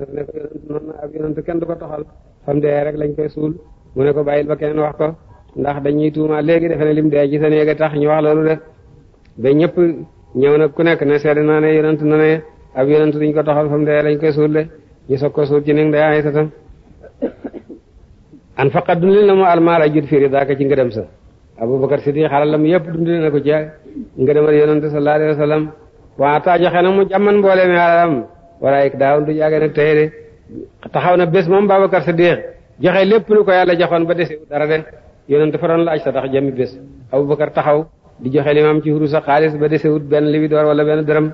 tërale ko yonent noonu ab yonent kenn du ko toxal fam dee rek lañ koy suul mu ne ko bàyyil ba keneen wax ko ndax dañuy tuuma léegi defe ne lim dee ci sa néega tax ñu wax loolu ba ñëpp ñëw nag ku nekk ne seede naa ne yonent na ne ab yonent duñ ko toxal fam dee lañ koy suul ñu soog ko suul ci ni day ay sa tam an faqat dundil na mu almaal ajut firi daaka ci ngërëm sa abubakar siddiq xalalam yëpp dundil na ko ci ngërëmal yonent sallallahu alayhi wa waa taa joxe mu jàmman mboole mi alalam walaay daaw duñu àgg nag tey de taxaw na bés moom Babacar Siddiq joxe lépp lu ko yàlla joxoon ba dese dara de yonent fa doon laaj sa tax jëmmi bés Abubakar taxaw di joxe limam ci huru sax xaalis ba desewut benn libidoor wala benn dërëm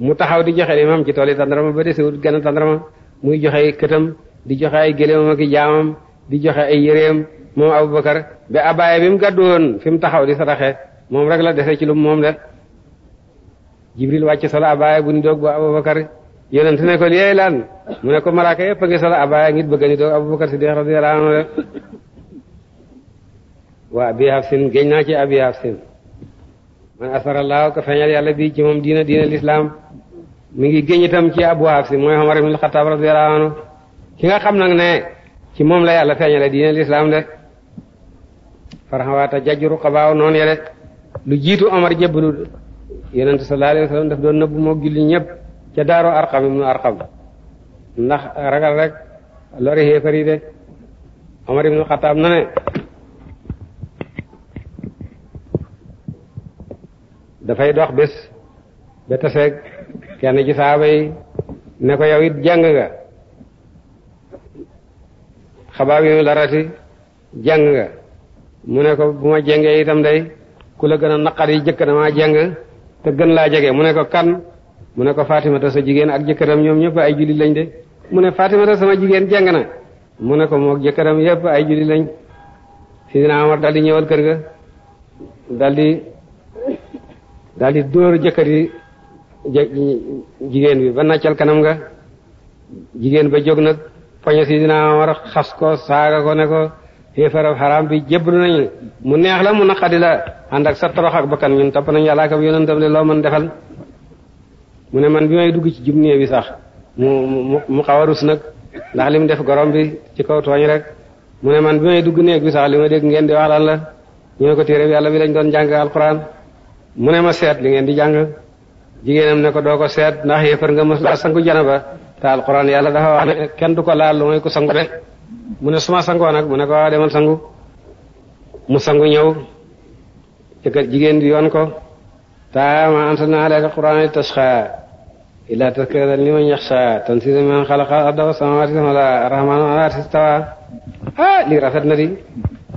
mu taxaw di joxe limam ci tool yi tandarama ba desewut genn tandarama muy joxe këtam di joxe ay gëléemam ak jaamam di joxe ay yéreem moom Abubakar ba abaaya bi gàddu woon fi mu taxaw di saraxe moom rek la dese ci lu moom de Jibril wàcc solo abaaya bu ni doog ba Abubakar yonent ne ko lii lan mu ne ko malaaka yëpp a ngi sol abaya ngit bëgg a ñu doog Abubakar Siddiq radiyallahu anhu rek waa abi Hafsin géñ naa ci abi Hafsin man asarallahu ko feeñal yàlla bi ci moom diina diina lislaam mi ngi géñ itam ci abu Hafsin mooy Umar ibn Xattaab radiyallahu anhu ki nga xam nag ne ci moom la yàlla feeñale diina lislaam de farxawaata jajru xabaaw noonu yele lu jiitu Omar jébbalu yonent sallallahu alayhi wa sallam daf doon nëbbu moo julli ñëpp ca daaroo arqam ibnu arqam ndax ragal rek lori xéefar yi de Omar ibnu na ne dafay dox bés ba taseeg kenn ci saaba yi ne ko yow it jàng nga xabaab yi larati jàng nga mu ne ko bu ma jàngee itam day ku la gën a naqar yi jëkk na maa jàng te gën laa jege mu ne ko kan mu ne ko Fatimata sa jigéen ak jëkkëram ñoom ñëpp ay jullit lañ de mu ne Fatimata sama jigéen jàng na mu ne ko moog jëkkëram yëpp ay jullit lañ Sidina Omar daldi ñëwal kër ga daldi dóor jëkkër yi jigéen bi ba naccal kanam nga jigéen ba jóg nag poñe Sidina Omar xas ko saaga ko ne ko xéefarab xaraam bi jébbalu nañu mu neex la mu naqadi la ànd ak sa torox ak bakkan ñun topp nañu yàlla ak ab yonentam loo mën defal mu ne man bi may dugg ci jubnee bi sax mu mu mu xaw a rus nag ndax li mu def gorom bi ci kaw tooñ rek mu ne man bi may dugg néeg bi sax li ma dégg ngeen di wax lan la ñu ne ko téere bi yàlla bi lañ doon jàng alquran mu ne ma seet li ngeen di jàng jigéenam ne ko doo ko seet ndax yéefar nga mos laa sangu janaba te alquran yàlla dafa wax kenn du ko laal lu ko sangu mu ne suma sangoo nag mu ne ko waaw demal sangu mu sangu ñëw jëkkër jigéen di yoon ko ta ma anzalna alayka alquran li tashqa illaa tazkiratan liman yaxshaa tanziilan mimman xalaqa arda wa samaawaati wal arda arrahmaanu alal rafet na di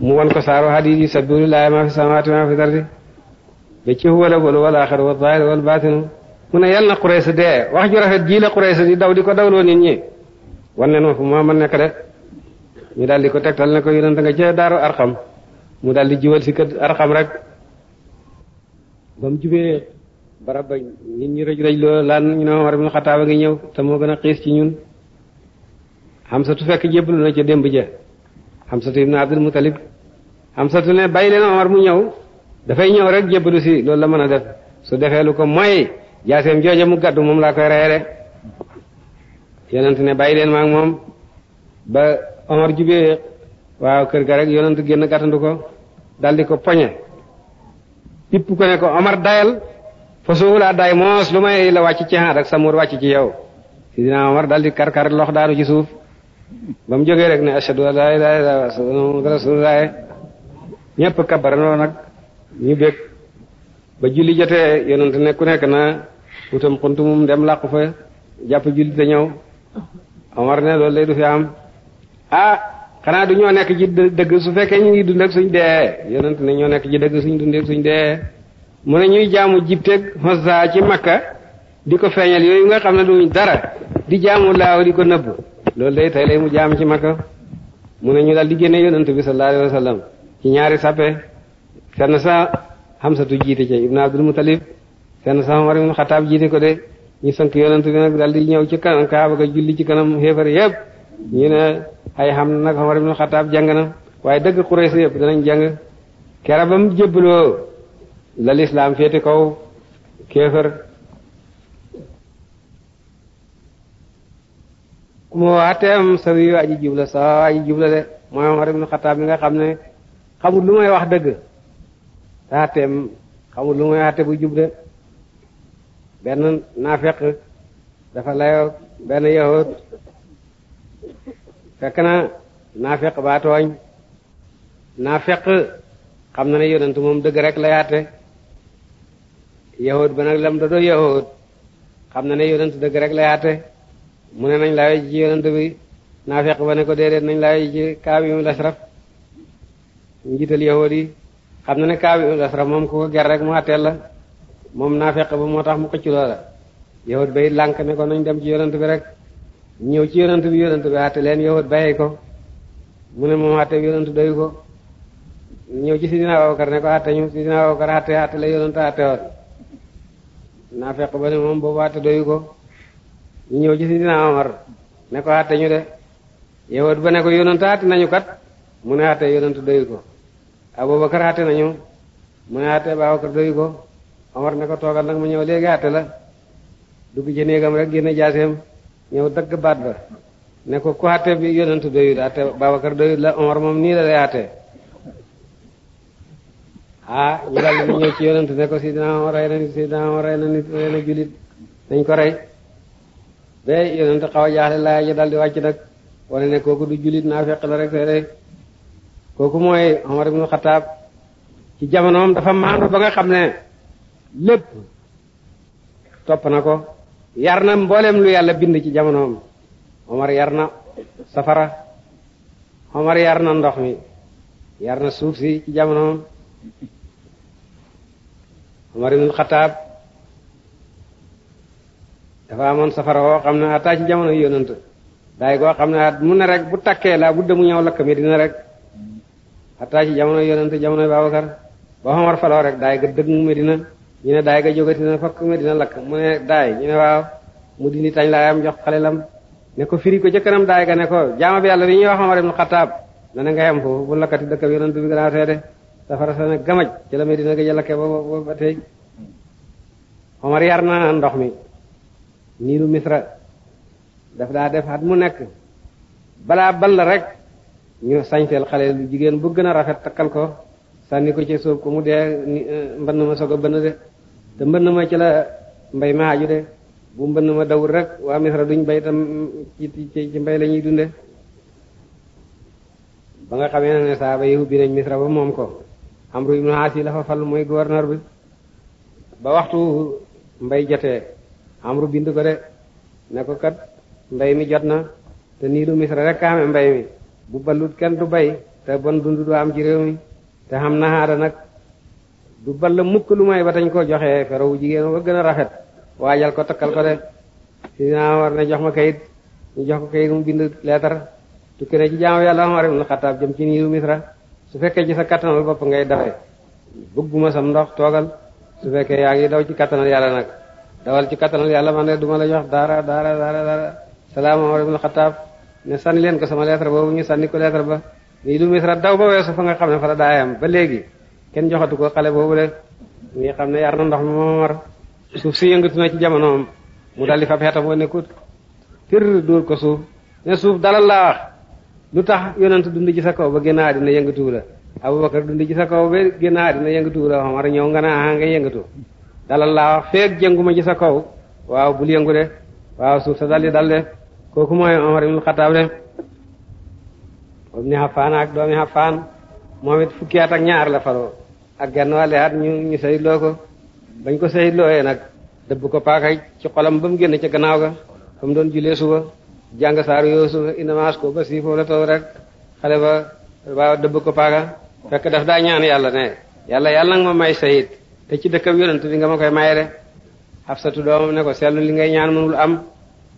mu wan ko saaro hadiid yusabbihu lillaahi maa fi samaawaati wa maa fi ardi ba ci huwal awwalu wal aaxiru waz zaahiru wal baatinu mu ne yal na Quraysh dee wax ju rafet ji la Quraysh di daw di ko dawloo nit ñi wan leen ma fu ma mën nekk de mu dal di ko tegtal ne ko yonent nga ca daaru Arqam mu daal di jiwal si kër Arqam rek ba mu jubee barab bañ nit ñi rëj rëj loolu laan ñu ne Omar ibn Xattaab a ngi ñëw te moo gën a xiis ci ñun Hamsatu fekk jébbalu na ca démb ja Hamsatu ibn Abdul Muttalib Hamsatu ne bàyyi leen Omar mu ñëw dafay ñëw rek jébbalu si loolu la mën a def su defee lu ko mooy jaaseem jooja mu gàddu moom laa koy reyale yonent ne bàyyi leen maak moom ba Omar jubee waaw kër ga rek yonent génn gàttandu ko daldi ko poñe ipp ko ne ko Omar dayal fa suufu laa day moos lu may la wàcc ci xaat ak samuur wàcc ci yow sidina Omar daldi karkar lox daanu ci suuf ba mu jógee rek ne ashadu an laa ilaaha illallaah muhammadur rasuulullaah ñépp kabaranoo nag ñu ku nekk na wutam xunt mum dem làqu fa jàpp julli da ñëw du fi am ah xanaa du nekk ci dëgg su fekkee ñu ngi dund ak suñ dee yonent ñoo nekk ci dëgg suñ dund ak suñ dee mu ne ñuy jaamu jibteeg xosa ci makka di ko feeñal yooyu nga xam ne duñ dara di jaamu laaw di ko nëbbu lool day tey lay mu jaam ci makka mu ne ñu daal di génne yonent bi sallallahu alayhi wa sallam ci ñaari sappe fenn sa xamsatu jiite ca ibnu abdul mutalib fenn sa umar ibnu xataab jiite ko de ñu sank yonent bi nag daal di ñëw ci kanam kaaba ga julli ci kanam xéefar yëpp ñu ne ay xam nag umar ibnu xataab jàng na waaye dëgg xuraysa yëpp danañ jàng la lislaam féete kaw kéefër ku mu waateem sa wiyu aji jubla sa aji jubla de mooy Omar ibn Xataab mi nga xam ne xamul lu may wax dëgg te àtteem xamul lu may àtte bu jub de benn naafeq dafa layoo benn yahud fekk na naafeq baa tooñ naafeq xam na ne yonentu moom dëgg rek la yaate yahud ba nag lam dadoo yahud xam na ne yonent dëgg rek lay àtte mu ne nañ laawe ji ci yonent bi naafeq ba ne ko déedéet nañ laawe ji ci Kaab ibn Ashraf njiital yahud yi xam na ne Kaab ibn Ashraf moom ku ko ger rek mu àtteel la moom naa naafeq ba moo tax mu xëcc loola yahud bay lànk ne ko nañ dem ci yonent bi rek ñëw ci yonent bi yonent bi àtte leen yahud bàyyi ko mu ne moom àtte bi yonent doyu ko ñëw ci Sidina Abubakar ne ko àtte ñu naa fekk ba ne moom boobu àtte doyu ko ñu ñëw ci Sidina Omar ne ko àtte ñu de yowat ba ne ko yonent àtte nañu kat mu ne àtte yonent doyu ko Abubakar àtte nañu mu ne àtte Abubakar doyu ko Omar ne ko toogal nag mu ñëw léegi àtte la dugg ci néegam rek génn jaaseem ñëw dagg baat ba ne ko ku àtte bi yonent doyul àtte Abubakar doyul la Omar moom nii la lay àtte ah ñu daal di ñëw ci yonent ne ko Sidina Omar rey na nit Sidina na jullit dañ ko rey ba yonent xaw a jaaxle laaya daal di wàcc nag wane ne kooku du jullit naa fekk la rek fee kooku mooy Omar ibnu Xataab ci jamonoom dafa maandu ba nga xam ne lépp topp na ko yar na mbooleem lu yàlla bind ci jamonoom Omar yar na safara Omar yar na ndox mi yar na suuf si ci jamonoom Umar ibn Xattaab dafa amoon safara woo xam ne ataa ci jamono yonent daay koo xam ne at mu na rek bu takkee laa bu demu ñëw lakk mi dina rek ataa ci jamono yonent jamono Babakar ba Umar faloo rek daay ga dëgg Medina ñu ne daay ga jógati na fakk Medina lakk mu ne daay ñu ne waaw mu dindi tañ laayam jox xalelam ne ko firi ko ca kanam daay ga ne ko jaama bi yàlla li ñuy wax Umar ibn Xattaab na ne nga yem foofu bu lakkati dëkk bi yonent bi gën safara sa ne gamaj ci la Medina ga jëlake ba ba tey Omar yar na ndox mi niiru misra daf daa def at mu nekk balaa ball rek ñu sañteel xale lu jigéen bu gën a rafet takkal ko sànni ko ci sóob ko mu dee eh, mbënn ma soog a bënn de te mbënn ma ci la mbay ma aju de bu mbënn ma dawul rek waa misra duñ bay tam ci ci mbay la ñuy dunde ba nga xamee ne saaba yi ubbi nañ misra ba moom ko amru ibnu aas yi mooy gouverneur bi ba waxtu mbay jotee amru bind ko de ne ko kat mbay mi jot na te nii lu misra rek kaame mbay mi bu ballut kenn du bay te bon dund du am ci réew mi te xam naxaada nag du ball mukk lu may ba tañ ko joxee ferawu jigéen ba gën a rafet waajal ko takkal ko de sidina war ne jox ma kayit ñu jox ko kayit mu bind leetar tukki ne ci jaamu yàlla Umar ibn Xattaab jëm ci niiru Misra su fekkee ci sa kattanal bopp ngay dawee bëgguma sam ndox toogal su fekkee yaa ngi daw ci kattanal yàlla nag dawal ci kattanal yàlla man de duma la jox dara dara dara dara salaama Umar ibn Xattaab ne sànni leen ko sama lettre boobu ñu sànni ko lettre ba nii du misra daw ba weesu fa nga xam ne fa la daayam ba léegi kenn joxatu ko xale boobu de ngi xam ne yar na ndox ma mar suuf si yëngatu na ci jamonoom mu daldi fa xeetam wa nekkut tir ko suuf lu tax yonent dund ci sa kaw ba génn àddina yëngatuwu la Abubakar dund ci sa kaw ba génn a yëngatuwu la Omar ñëw nga naa nga yëngatu dalal laa wax feeg jënguma ci sa kaw waaw bul yëngu de waaw suuf sa dal di dal kooku mooy Omar ibn Xattaab de ibn Affaan ak doomi Affaan moom it fukki at ak ñaar la faroo ak genn wàllu at ñu ñu sayidloo ko bañ ko sayidlooyee nag dëbb ko paaka ci xolam ba mu génn ca gannaaw ga fa doon julee suba jàng saaru yoosu inamaas ko ba siifoo la toog rek xale ba ba dëbb ko paaga fekk daf daa ñaan yàlla ne yàlla yàlla nga ma may sayid te ci dëkkab yonent bi nga ma koy maye de Xafsatu doomam ne ko seetlu li ngay ñaan mënul am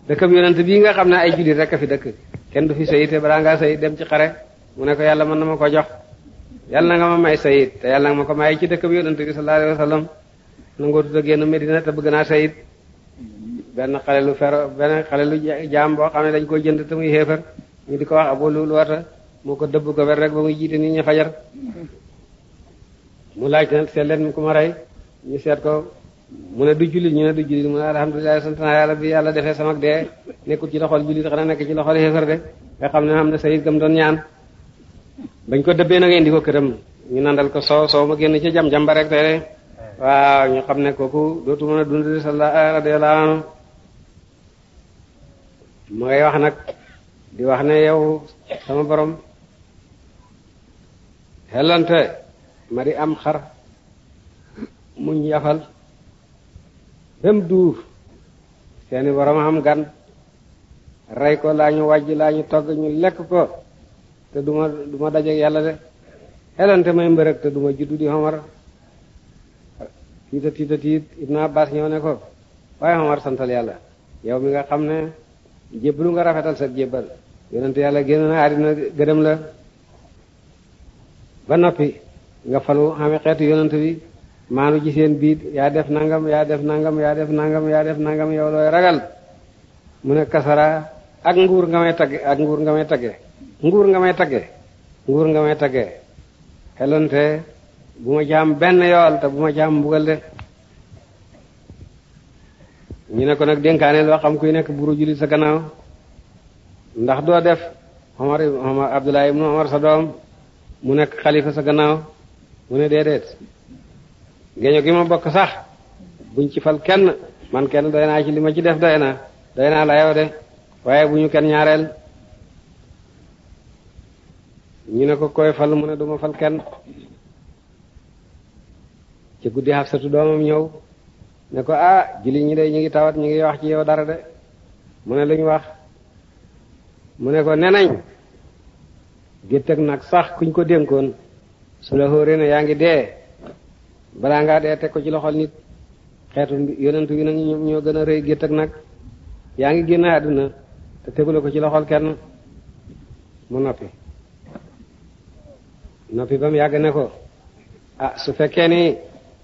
dëkkab yonent bii nga xam ne ay jullit rek fi dëkk kenn du fi sayid te balaa ngaa dem ci xare mu ne ko yàlla mën na ma ko jox yàlla nga ma may sayid te yàlla nga ma ko maye ci dëkkab yonent bi sallallahu alayhi wa sallam nangootu a génn Medina te bëgg naa sayit benn xale lu fer benn xale lu jaam boo xam ne dañ ko jënd te muy xéefar ñu di ko wax boo lu luwata moo ko dëbb ko ber rek ba muy jiite nit ñi fajar mu laaj nag seet leen ku ma rey ñu seet ko mu ne du jullit ñu ne du jullit mu ne alhamdulilah sant naa yàlla bi yàlla defee sama de nekkul ci loxol jullit xanaa nekk ci loxol xéefar de nga xam ne am na sayid gam doon ñaan bañ ko dëbbee nag nga indi ko këram ñu nandal ko soow soow ma génn ca jam jamba de eh. waaw ñu xam ne kooku dootu mën a dund mu ngay wax nag di wax ne yow sama borom xelante ma di am xar muñ yafal bem duuf seeni borom am gan rey ko laa ñu wàjj laa ñu togg ñu lekk ko te duma duma dajeek yàlla de xelante may mbërëg te duma juddu di xomar tiita tiita tiit Ibn Abbas ñëw ne ko waaye xomar santal yàlla yow mi nga xam ne jébbalu nga rafetal sa jébbal yonent yàlla génn na àddina gërëm la ba noppi nga falu xame xeetu yonent bi maanu ci seen biit yaa def nangam yaa def nangam yaa def nangam yaa def nangam yow ragal mu ne kasara ak nguur nga may tagge ak nguur nga may tagge nguur nga may tagge nguur nga may tagge xelonte bu ma jaam benn yool te bu ma jaam mbugal ñu ne ko nag dénkaane loo xam kuy nekk buuru jullit sa gannaaw ndax doo def Omar Omar Abdoulaye ibnu Omar sa doom mu nekk xalifa sa gannaaw mu ne déedéet géño gi ma bokk sax buñ ci fal kenn man kenn doy naa ci li ma ci def doy na doy naa la yow de waaye bu ñu kenn ñaareel ñu ne ko koy fal mu ne duma fal kenn ci guddi Hafsatu doomam ñëw ne ko ah julli ñi de ñu ngi tawat ñu ngi wax ci yow dara de mu ne luñ wax mu ne ko nenañ gétt nag sax kuñ ko dénkoon su la xóoree na yaa ngi dee balaa ngaa dee teg ko ci loxol nit xeetu yonentu yi ñoo gën a rëy gétt nag yaa ngi génn àdduna te tegula ko ci loxol kenn mu noppi noppi ba mu yàgg ne ko ah su fekkee ni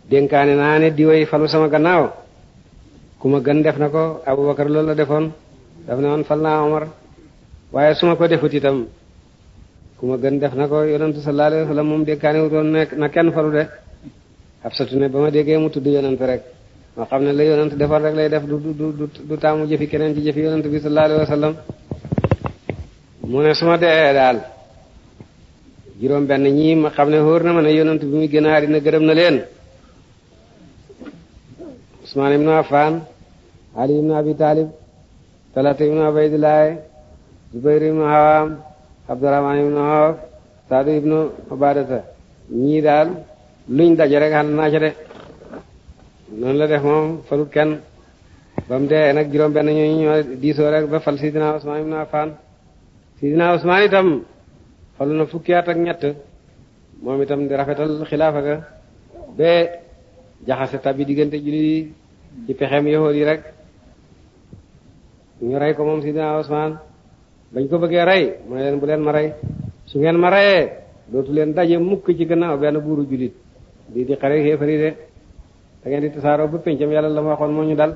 dénkaane naa ne diwéy falu sama gannaaw ku ma gën def na ko Abubakar loolu la defoon daf ne woon fal naa Omar waaye suma ma ko defut itam ku ma gën def na ko yonentu sallallahu alayhi wa sallam moom dénkaane wutoon nekk na kenn falu de Hafsatu ne ba ma déggee mu tudd yonent rek ma xam ne la yonent defar rek lay def du du du taamu keneen ci jëfi yonent bi sallallahu alayhi wa sallam mu dee daal juróom benn ñii ma xam ne wóor na ma ne yonent bi muy gën a àddina gërëm na leen Usmaan ibnu Affaan Ali ibnu Abi Taalib Talata ibnu Ubaydillaah Zubayr ibnu Awaam Abdurahmaan ibnu Awf Saadu ibnu Ubaadata ñii daal luñ daje rek ànd naa ca de noonu la def moom falut kenn ba mu dee nag juróom benn ñooñu diisoo rek ba fal Sidina Usmaan ibnu Affaan Sidina Usmaan itam falu na fukki at ak ñett moom itam di rafetal xilaafa ga ba jaxase tabi diggante julli ci pexem yahood yi rek ñu rey ko moom sidina Usmaan bañ ko bëggee rey mu ne leen bu leen ma rey su ngeen ma reyee dootu leen daje mukk ci gannaaw benn buuru jullit di di xare xéefari de da ngeen di tasaaroo ba pencam yàlla la ma waxoon moo ñu dal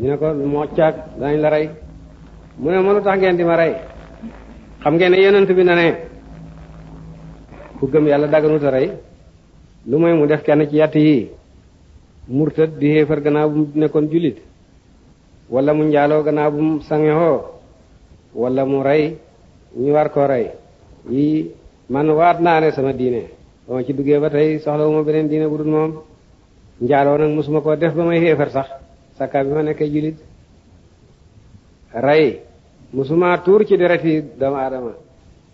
ñu ne ko moo caag danañ la rey mu ne mënu tax ngeen di ma rey xam ngeen ne yonent bi na ne ku gëm yàlla dagganuta rey lu mooy mu def kenn ci yàtt yi murtad di xéefar gannaaw bu nekkoon jullit wala mu njaaloo gannaaw bu mu walla mu rey ñu war ko rey yi man waat naa ne sama diine ba ma ci duggee ba tey soxla wu beneen diine bu dul moom njaaloo nag mosuma koo def ba may xéefar sax sakka bi ma nekkee jullit rey mosuma tuur ci deret yi doomu aadama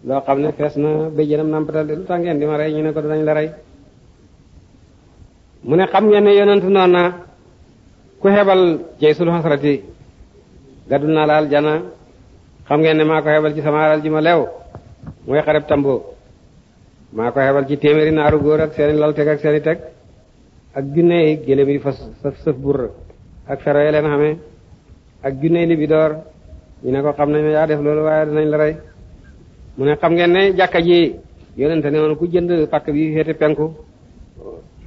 loo xam ne fees na béjjënam nampatal de lu tàngeen ngeen di ma rey ñu ne ko danañ la rey mu ne xam ngeen ne yonent noon na ku hebal jaysul xasrati gaddu naa laal aljana xam ngeen ne maa ko hebal ci sama ji ma leew mooy xareb tambo maa ko hebal ci téeméeri naaru góor ak seeni lal teg ak seeni teg ak junney gélém yi fa sëf sëf bur ak fero yi leen xamee ak junney libidoor ñu ne ko xam nañ ne yaa def loolu waaye dinañ la rey mu ne xam ngeen ne jàkka ji yonente ne woon ku jënd pakk bi féete penku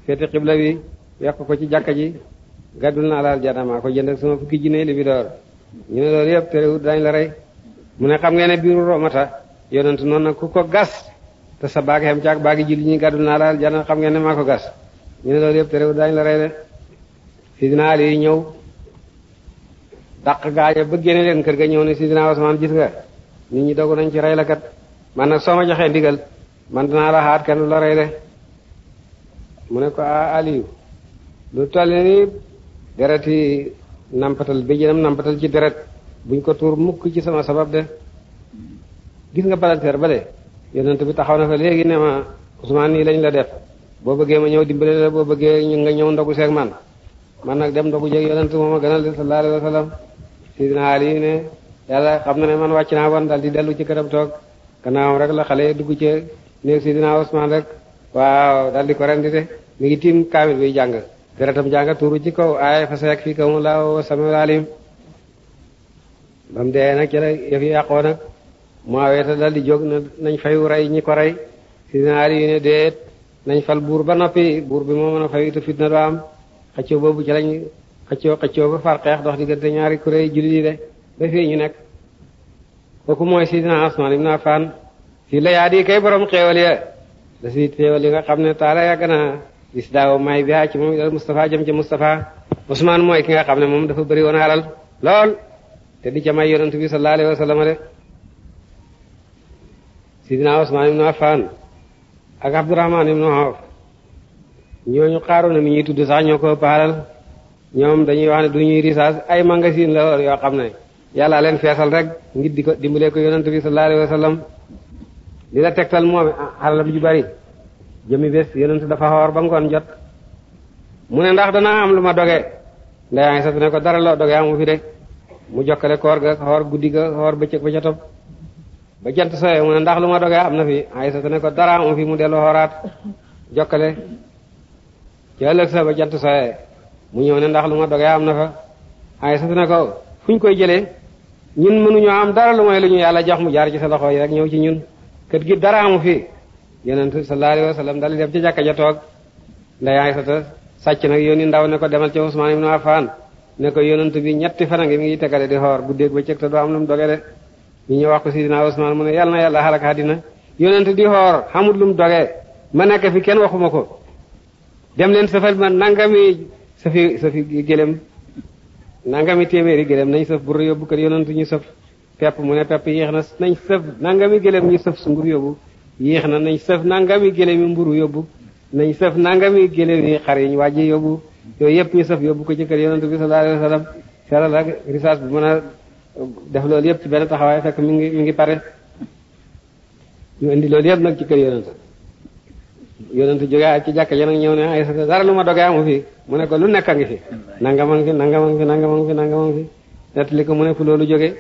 féete xibla bi yokk ko ci jàkka ji gàddul naa laal janamaa ko jënd ak sama fukki jinne li ñu ne loolu yëpp terewut dañ la rey mu ne xam ngeen ne biiru romata yonent noonu nag ku ko gas te sa baagi xam caag baagi julli ñi gàddul naa laal jana xam ngeen ne maa ko gas ñu ne loolu yëpp terewut dañ la rey de sidina Ali ñëw dàq gaaña ba génne leen kër ga ñëw ne sidina Usmaan gis nga nit ñi dogu nañ ci rey la kat man na soo ma joxee ndigal man dinaa la xaat mu ne ko a Aliou lu toll ni dereti nampatal bi jënam nampatal ci deret buñ ko tuur mukk ci sama sabab de gis nga balanteer bale yonent bi taxaw na fa léegi ne ma Ousmane nii lañ la def boo bëggee ma ñëw dimbale la boo bëggee nga ñëw ndogu seeg man man nag dem ndogu jeeg yonent moom a gënal a sallallahu alayhi wa sallam sidina Ali ne yàlla xam na ne man wàcc naa woon daal di dellu ci këram toog gannaawam rek la xale dugg ci néeg sidina Ousmane rek waaw daal di ko rendi de mi ngi tiim kaamil bi jàng deretam jàng tuuru ci kaw aaya fa sayag fii kaw laa samiul alim ba dee nag ci la yëf yi yàqoo nag dal di jóg nañ fayu rey ñi ko rey sidina Ali yu ne buur ba noppi buur bi moo a fayu te fitna du am xëccoo boobu ci lañ xëccoo xëccoo ba far xeex dox diggante ñaari kuréel jullit de ba fii ñu nekk kooku mooy sidina Usmaan ibn Affaan fii la yaa kay borom xéewal da si xéewal nga xam ne taala yàgg na gis daaw may biha ci moom Moustapha jëm ci Moustapha Ousmane mooy ki nga xam ne moom dafa bëri woon alal lool te di ca may yonent bi sallallahu alayhi wa ñooñu xaaroon na mi ñuy tudd sax ñoo ñoom dañuy wax ne du ñuy risaas ay magasin la woon yoo xam ne yàlla leen rek ngir di ko dimbalee ko yonent bi sallallahu alayhi la tegtal moom alal bi ju bari jëmi bés yonent dafa xoor ba ngoon jot mu ne ndax danaa am lu ma doge nday Aysatu ne ko dara loo doge amu fi de mu jokkale koor ga xoor guddi ga xoor bëccëg ba ca topp ba jant sooyee mu ne ndax lu ma doge am na fi Aysatu ne ko dara amu fi mu dellu xooraat jokkale ci sa ba jant sooyee mu ñëw ne ndax lu ma doge am na fa Aysatu ne ko fu ñu koy jële ñun mënuñoo am dara lu mooy lu ñu yàlla jox mu jaar ci sa loxo yi rek ñëw ci ñun kër gi dara amu fi yonentu sallallahu alayhi wa sallam dal dem ci jàkka ja toog nday Aysata sàcc nag yónni ndaw ne ko demal ci Usmaan naa Affan ne ko yonent bi ñetti fan a ngi mi ngi tegale di xoor guddeeg ba cëg te doo am lu doge de ñu ñëw wax ko sidina Usmaan mu ne yàlla na yàlla xalak àddina yonent di xoor xamul lu mu doge ma nekk fi kenn waxuma ko dem leen safal ma nangami safi safi gëlëm nangami téeméeri gëlëm nañ saf bur yóbbu kër yonent ñu saf pepp mu ne pepp yéex na nañ saf nangami gëlëm ñu saf sungur yóbbu yéex na nañ sëf nangami gëléem yi mburu yóbbu nañ sëf nangami gëléem yi xar yi ñu wàjji yóbbu yooyu yëpp ñu sëf yóbbu ko ci kër yonent bi sallallahu alayhi wasallam seeral ak risaas bu mën a def loolu yëpp ci benn taxawaay fekk mi ngi mi ngi pare ñu indi loolu nag ci kër yonent yonent jóge ak ci jàkka ja nag ñëw ne ay sa dara lu mu ne ko lu nekk a fi nangaman fi nangaman fi nangaman fi nangaman fi nettali ko mu ne fu loolu jóge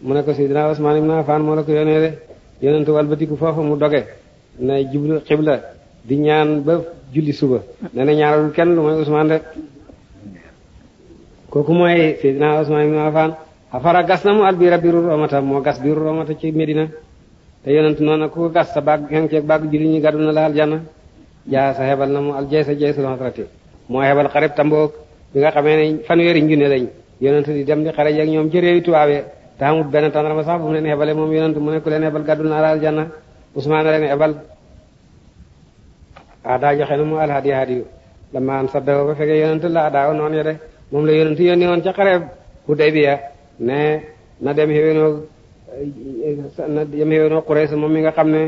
mu ne ko Sidina Usmaan moo la ko yónnee de yonentu walbatiku foofu mu doge na jublu xibla di ñaan ba julli suba nee na ñaanalul kenn lu mooy Ousmane rek kooku mooy Seydina Ousmane ibn Affan afara gas na mu al bi biiru romata moo gas biiru romata ci Medina te yonentu noonu ku ko gas sa baag xeng ceeg baag julli ñi gàddu na la aljanna jaa sa xebal na mu al jay sa jay moo xebal xareb tamboog bi nga xamee ne fanweeri njune lañ yonentu di dem di xare ñoom ci réewi tubaabee te amul benn a sax bu mu leen yebale moom yonent mu ne ku leen yebal gàddul naa la aljanna Usmaan leen yebal ah daa joxe na mu alhadi hadiyu lama an saddawo ba fekkee yonent la adaaw noonu ya de moom la yonent yónni woon ca xareb Hudaybiya ne na dem xéwénoo na dem xéwénoo moom mi nga xam ne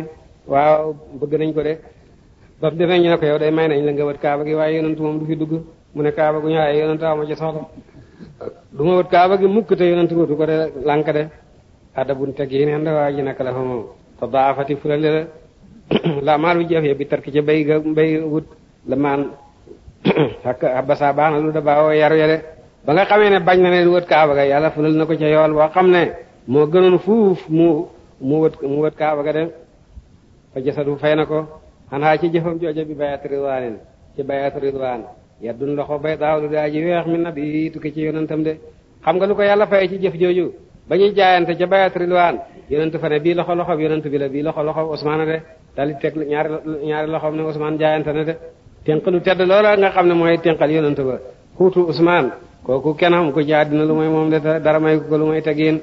waaw bëgg nañ ko de ba mu demee ñu ne ko yow day may nañ la nga wët kaaba gi waaye yonent moom du fi dugg mu ne kaaba gu ñu waaye yonent du ma kaaba gi mukk te yonent wutu ko de lànk de adabun teg yi neen de waa ji naka la xamoo te la la maalu jafe bi tarki ca bay ga bay wut basa baax na lu da baawoo yaru ya de ba nga xamee ne bañ na ne du wët kaaba ga yàlla fulal na ko ca yool boo xam ne moo gënoon fuuf mu mu wët mu wët kaaba ga de fa jasadu fay na ko xanaa ci jëfam jooja bi bayaat ridwaanin ci bayaat ridwaan yeddun loxo bay daaw du daa ji weex mi nabi tukki ci yonentam de xam nga lu ko yàlla fay ci jëf jooju ba ñuy jaayante ca bayat rilwaan yonentu fa ne bii loxo loxo yonentu bi la bii loxo loxo Ousmane de dali teg ñaari ñaari loxoom ne Ousmane jaayante na de tenqalu tedd loola nga xam ne mooy tenqal yonentu ba xuutu Ousmane kooku kenn xam ko ci àddina lu may moom de dara may ko lu may tegin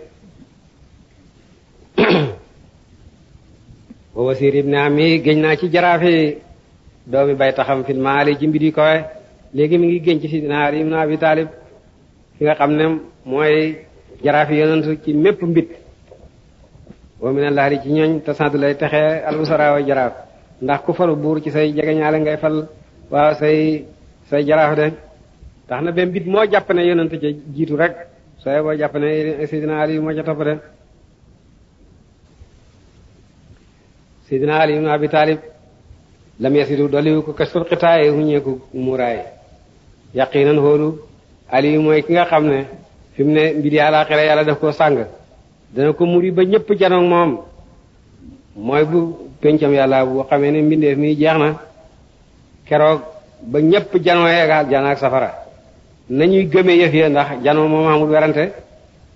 wa wasiir ibn ami géñ naa ci jaraafi doomi bay taxam fil ci mbir yi léegi mi ngi génn ci Sidina Ali ibn Abi Talib ki nga xam ne mooy jaraafi yonentu ci mépp mbit wa min allahi ci ñooñ te sant lay ndax ku falu buur ci say jegeñaale ngay fal waaw say say jaraaf moo jàpp ne yonent ca jiitu rek sooy boo jàpp naa Sidina Ali moo ca topp de Sidina Ali ibn Abi Talib lam yaqinan hóolu ali mooy ki nga xam ne fi mu ne mbir yàlla xere yàlla def koo sàng dana ko muri ba ñëpp janoog moom mooy bu pencam yàlla bu xamee ne mbindeef mi jeex na keroog ba ñëpp janooyee ak jana ak safara nañuy gëmee yëf ya ndax janoo moom amul werante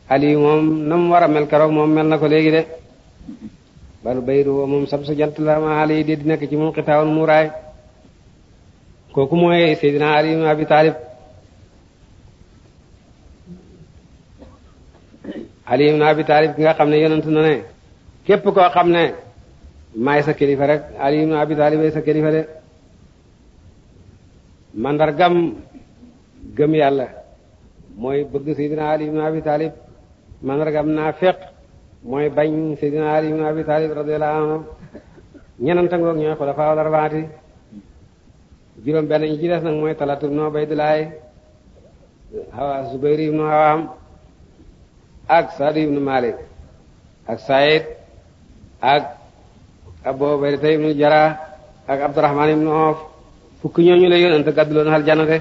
ali moom na mu war a mel keroog moom mel na ko léegi de bal bayru moom sab jant la ma ali de di nekk ci moom xitaawoon muuraay kooku mooy Seydina Ali ibn Abi Talib Ali ibn Abi Talib ki nga xam ne yonent na ne képp koo xam ne maay sa kilifa rek Ali ibn Abi Talib ay sa kilifa de mandargam gëm yàlla mooy bëgg Seydina Ali ibn Abi Talib mandargam naafiq mooy bañ Seydina Ali ibn Abi Talib radiyallahu anhu ñenanta ngoog ñooy xulafaa al arbaati juróom benn ñi ci des nag mooy talatu ibnu Ubaydillaay hawa Zubayr ibnu Awaam ak Saadu ibnu Malik ak Saïd ak Abu Ubaydata ibnu Jarrah ak Abdurrahman ibnu Awf fukki ñooñu la yonent gàdduloon aljanna de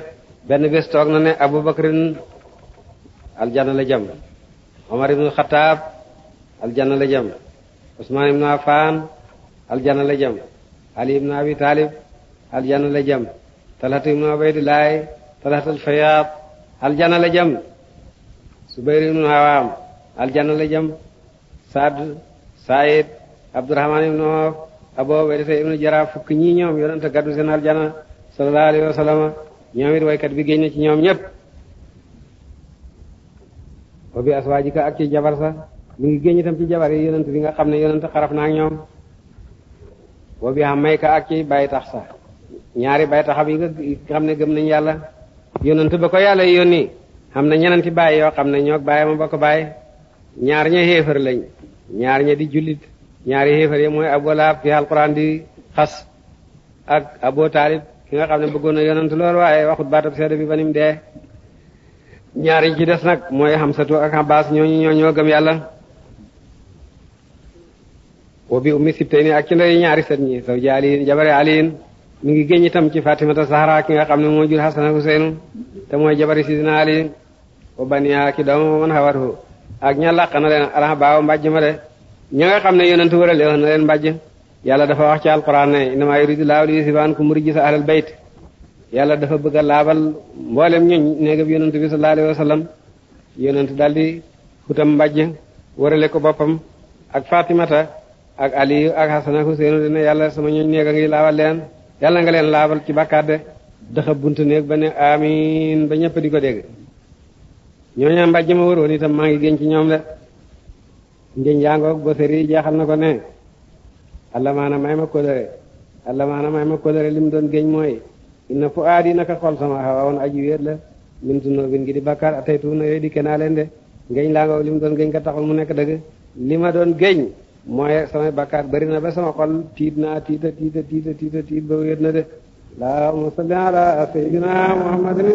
benn bés toog na ne Abu Bakrin aljanna la jëm Omar ibnu Xataab aljanna la jëm Usmaan ibnu Affaan aljanna la jëm Ali ibnu Abi Taalib aljana la jëm talhat ibnu ubaydillahi talhat alfayaat aljana la jëm subayr ibnu hawaam aljana la jëm saad said abdurahmaan ibnu awf abu ubaydata ibnu jarrah fukk ñi ñoom yonente gaddu seen aljana sallallahu alayhi wa sallama ñoom it waykat bi génn ci ñoom ñépp wa bi aswaajika ak ci jabar sa mi ngi génn itam ci jabar yi yonent bi nga xam ne yonent xaraf na ak ñoom wa bi amayka ak ci bàyyi tax sa ñaari bay taxaw yi nga xam ne gëm nañ yàlla yonent ba ko yàlla yónni xam na ñenenti baay yoo xam ne ñoo baay ma ba ko baay ñaar ña xéefar lañ ñaar ña di jullit ñaari xéefar yi mooy Abu Lahab fi alquran di xas ak Abu Talib ki nga xam ne bëggoon na yonent lool waaye waxut baatab seede bi ba nim dee ñaari ci des nag mooy Hamsatu ak Abbas ñooñu ñoo ñoo gëm yàlla wa bi ummi sibtayni ak ci ndey ñaari sët ñi saw ji jabare aliin mu ngi génn tam ci Fatimata Zahra ki nga xam ne moo jur Hasan ak Huseynu te mooy jabari Sidina Ali wa baniya ki doom man ak ña làq na leen ala baaw ña nga xam ne yonent na leen mbàjj yàlla dafa wax ci alquran ne innama yuridu laahu yàlla dafa bëgg a laabal mboolem ñoñ néegab yonent bi sallallahu alayhi wa sallam yonent daldi xutam mbàjj wërale ko boppam ak Fatimata ak Aliyu ak Hasan ak Huseynu yàlla sama ñoñ néeg ngi laabal leen yàlla nga leen laabal ci bàkkaar de daxa bunt néeg ba ne amin ba ñëpp di ko dégg ñooñaa mbàjj ma waroon itam maa ngi gën ci ñoom de ngéñ yaa ngoog boseri jeexal na ko ne alla maana may ma kóllëre alla maana may ma kóllëre li mu doon géñ mooy inna fu aadi naka xol sama xawawoon aji wéet la min tunóobin ngi di bàkkaar ataytu na yooyu di kenaa leen de ngéñ laa ngoog li mu doon géñ ko taxul mu nekk dëgg li ma doon géñ mooy samay bakkaar bari na ba sama xol tiit naa tiita tiita tiita tiita tiit ba wéet na de allahumma salli ala sayyidina muhammadin